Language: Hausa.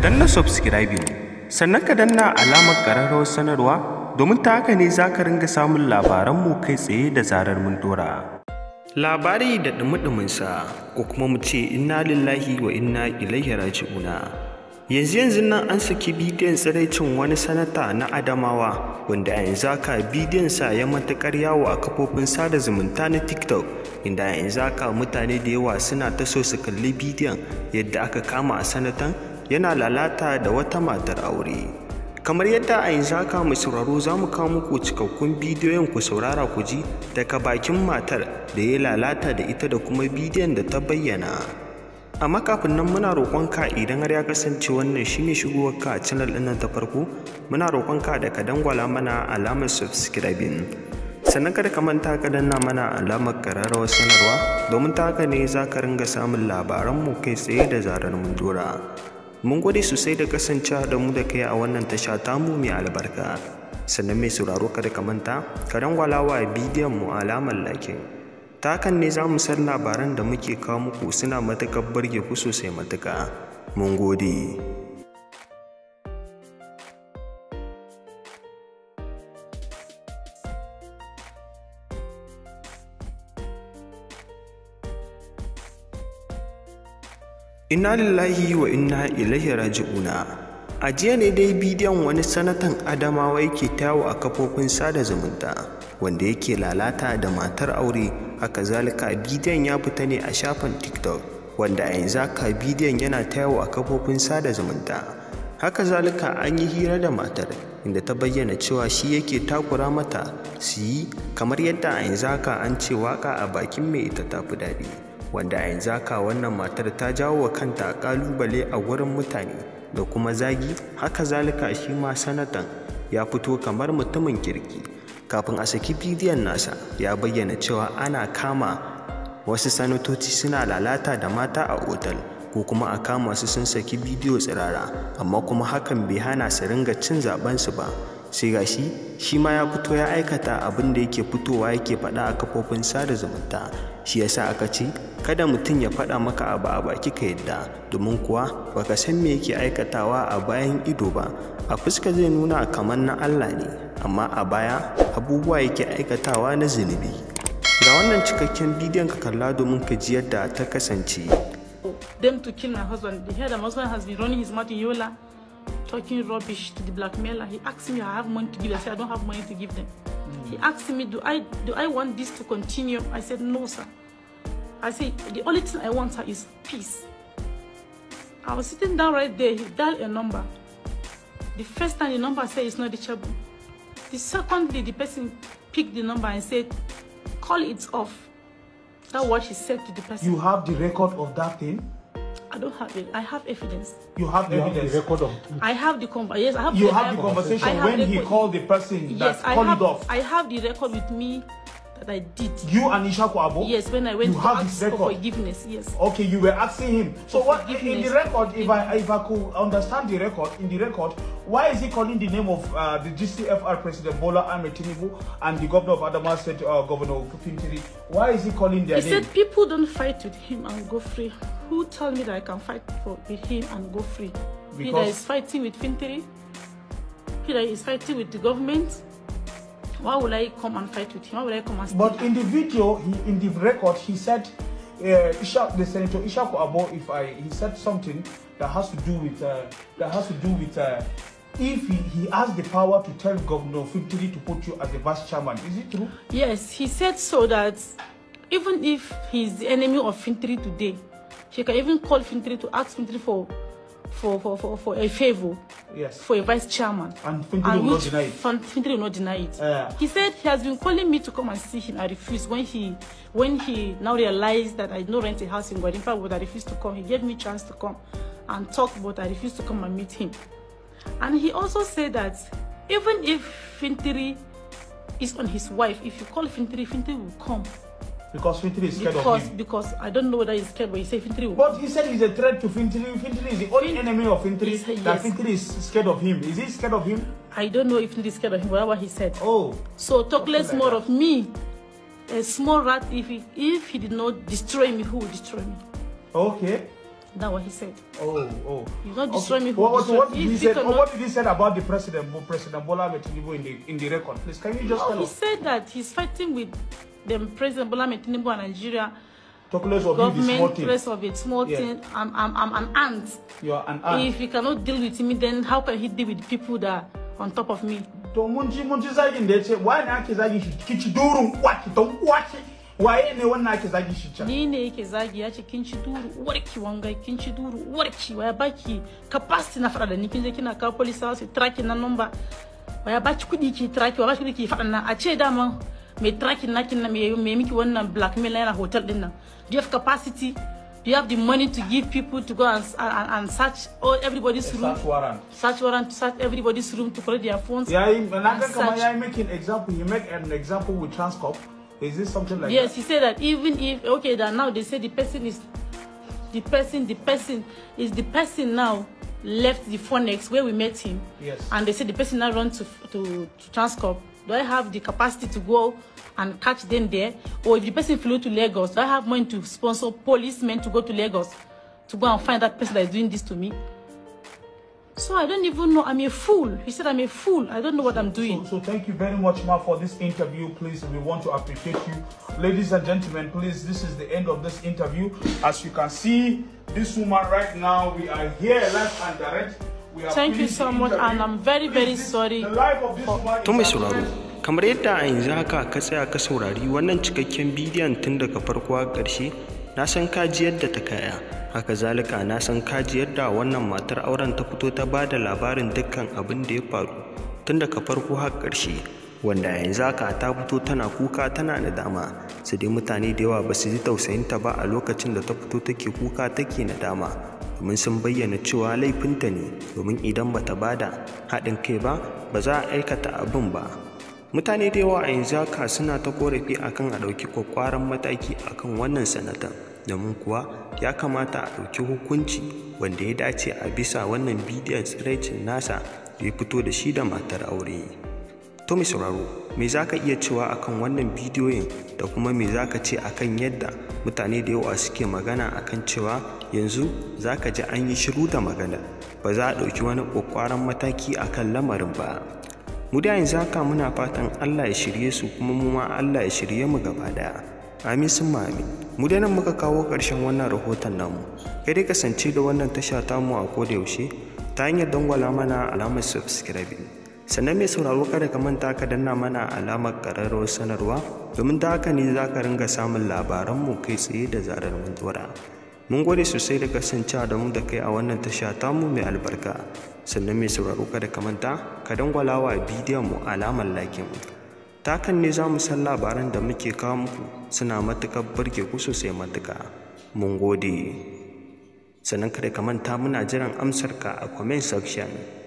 danna subscribing sannan ka danna alamar ƙararrawar sanarwa domin ta haka ne za ka ringa samun labaranmu kai tsaye da zarar mun dora. Labari da ɗumi-ɗuminsa ko kuma mu ce inna lillahi wa inna ilaihi raji'una. yanzu yanzu nan an saki bidiyon tsiraicin wani sanata na adamawa wanda a yanzu haka bidiyonsa ya matuƙar yawo a kafofin sada zumunta na tiktok inda a yanzu haka mutane da yawa suna ta so su kalli bidiyon yadda aka kama a sanatan yana lalata da wata matar aure kamar yadda a yanzu haka mai sauraro za mu kawo muku cikakkun bidiyon ku saurara ku ji daga bakin matar da ya lalata da ita da kuma bidiyon da ta bayyana amma kafin nan muna roƙonka idan har ya kasance wannan shine shigowar ka a channel ɗin ta farko muna roƙonka da ka dangwala mana alamar subscribing sannan kada ka manta ka danna mana alamar ƙararrawar sanarwa domin ta haka ne za ka ringa samun labaranmu kai tsaye da zarar mun dora Mun gode sosai da kasancewa da mu da kai a wannan tasha ta mu mai albarka. Sannan mai sauraro kada ka manta, ka dangwalawa bidiyon mu alamar lakin. Ta hakan ne za mu san labaran da muke kawo muku suna matuƙar burge ku sosai matuka Mun gode. Inna lillahi wa inna ilaihi raji'una. A jiya ne dai bidiyon wani sanatan Adamawa yake tawo a kafofin sada zumunta wanda yake lalata da matar aure haka zalika bidiyon ya fita ne a shafin TikTok wanda a yanzu haka bidiyon yana tawo a kafofin sada zumunta. Haka zalika an yi hira da matar inda ta bayyana cewa shi yake takura mata su yi kamar yadda a yanzu haka an ce waka a bakin mai ita tafi daɗi. wanda a yanzu haka wannan matar ta jawo wa kanta ƙalubale a wurin mutane da kuma zagi haka zalika shi ma sanatan ya fito kamar mutumin kirki kafin a saki bidiyon nasa ya bayyana cewa ana kama wasu sanatoci suna lalata da mata a otal ko kuma a kama su sun saki bidiyo tsirara amma kuma hakan bai hana su ringa cin zaben su ba sai ga shi shi ma ya fito ya aikata abin da yake fitowa yake faɗa a kafofin sada zumunta shi yasa aka ce kada mutum ya faɗa maka abu a baki ka yadda domin kuwa baka san me yake aikatawa a bayan ido ba a fuska zai nuna kamar na Allah ne amma a baya abubuwa yake aikatawa na zunubi ga wannan cikakken bidiyon ka kalla domin ka ji yadda ta kasance them to yola talking rubbish to the blackmailer. He asked me, I have money to give. I said, I don't have money to give them. Mm. He asked me, do I, do I want this to continue? I said, no, sir. I said, the only thing I want, sir, is peace. I was sitting down right there. He dialed a number. The first time the number said it's not reachable. The secondly, the person picked the number and said, call it off. That's what she said to the person. You have the record of that thing? I don't have it. I have evidence. You have you evidence. Have record of. I have the conversation. Yes, I have. You the have the conversation have when he called the person yes, that called have, it off. I have the record with me that I did. You and Ishaku Abo. Yes, when I went you to have ask for forgiveness. Yes. Okay, you were asking him. So for what in the record? If I if I could understand the record in the record, why is he calling the name of uh, the GCFR president Bola and Tinubu and the governor of Adamawa State uh, Governor Kupintiri? Why is he calling their he name? He said people don't fight with him and go free who tell me that I can fight for, with him and go free? Because he that is fighting with Fintiri, he that is fighting with the government. Why would I come and fight with him? Why would I come and But in the video, he, in the record, he said, uh, Isha, the Senator Ishaku Abo, if I, he said something that has to do with, uh, that has to do with, uh, if he, he has the power to tell Governor Fintiri to put you as the vice chairman. Is it true? Yes, he said so that even if he's the enemy of Fintiri today, she can even call Fintri to ask Fintri for for, for, for, for a favor. Yes. For a vice chairman. And Fintri will not deny it. Fintri will not deny it. He said he has been calling me to come and see him. I refused when he when he now realized that I no rent a house in Guadimpa, but I refused to come. He gave me chance to come and talk, but I refused to come and meet him. And he also said that even if Fintri is on his wife, if you call Fintri, Fintri will come. Because Fintri is scared because, of him. Because I don't know whether he's scared, but he said Fintri But he said he's a threat to Fintri. Fintri is the only Fintri, enemy of Fintri. Said, that yes. Fintri is scared of him. Is he scared of him? I don't know if Fintri is scared of him, whatever he said. Oh. So talk less like more that. of me. A small rat, if he, if he did not destroy me, who will destroy me? Okay. That's what he said. Oh, oh. He's not destroy okay. me. Who what, what, did he, he said, oh, what did he say about the president, President Bola Tinubu in the, in the record? Please, can you just no, tell he us? He said that he's fighting with the President Bola Tinubu and Nigeria Talkless of government, less of it, small yeah. thing. I'm, I'm, I'm an ant. You are an ant. If you cannot deal with me, then how can he deal with people that are on top of me? To munji munji zagin da yace why ne ake zagin shi kici durun kwaki don kwaki waye ne wannan ake zagin shi can ni ne yake zagi ya ce kin ci duru warki wanga kin ci duru warki waya baki capacity na fada da ni kin je kina kawo police house tracking na number waya baki kudi ki tracking waya baki kudi ki fadan nan a ce daman tracking nakin blackmail hotel do you have capacity do you have the money to give people to go and, and, and search all everybody's room? Search warrant. Search warrant to search everybody's room to collect their phones. Yeah, and Kama, yeah, an example. You make an example with Transcorp. Is this something like yes, that? Yes, he said that even if okay that now they say the person is the person, the person is the person now left the phone next where we met him. Yes. And they said the person now run to to, to Transcorp do I have the capacity to go and catch them there? Or if the person flew to Lagos, do I have money to sponsor policemen to go to Lagos to go and find that person that is doing this to me? So I don't even know. I'm a fool. He said I'm a fool. I don't know what I'm doing. So, so, thank you very much, Ma, for this interview. Please, we want to appreciate you. Ladies and gentlemen, please, this is the end of this interview. As you can see, this woman right now, we are here live and direct. We are Thank you so much, and I'm very, very sorry. The life of this woman kamar yadda a yanzu haka ka tsaya ka saurari wannan cikakken bidiyon tun daga farko a ƙarshe na san kaji yadda ta kaya haka zalika na san kaji yadda wannan matar auren ta fito ta ba da labarin dukkan abin da ya faru tun daga farko har ƙarshe wanda yanzu haka ta fito tana kuka tana nadama su dai mutane da yawa ba su ji tausayinta ba a lokacin da ta fito take kuka take nadama domin sun bayyana cewa laifinta ne domin idan ba bata bada haɗin kai ba ba za a aikata abin ba mutane da yawa a yanzu haka suna ta korafi akan a ɗauki kwakwaran mataki akan wannan sanata domin kuwa ya kamata a ɗauki hukunci wanda ya dace a bisa wannan bidiyon tsiraicin nasa da ya fito da shi da matar aure to mai sauraro me za ka iya cewa akan wannan bidiyoyin da kuma me za ka ce akan yadda mutane da yawa suke magana akan cewa yanzu za ka ji an yi shiru da magana ba za a ɗauki wani ƙwaƙwaran mataki akan lamarin ba mu da yin zaka muna fatan Allah ya shirye su kuma mu ma Allah ya shirye mu gaba daya amin sun amin mu da nan muka kawo karshen wannan rahoton namu kai dai kasance da wannan tasha mu a koda yaushe ta hanyar dangwala mana alamar subscribe sannan mai sauraro kada ka manta ka danna mana alamar ƙararrawar sanarwa domin ta haka ne za ka ringa samun labaran mu kai tsaye da zarar mun mun gode sosai da kasancewa da mu da kai a wannan tasha tamu mai albarka sannan mai sauraro kada ka manta ka dangwala wa bidiyon mu alamar Ta kan ne za mu san labaran da muke kawo muku suna matuƙar burge ku sosai matuƙa mun gode sannan kada ka manta muna jiran amsarka a comment section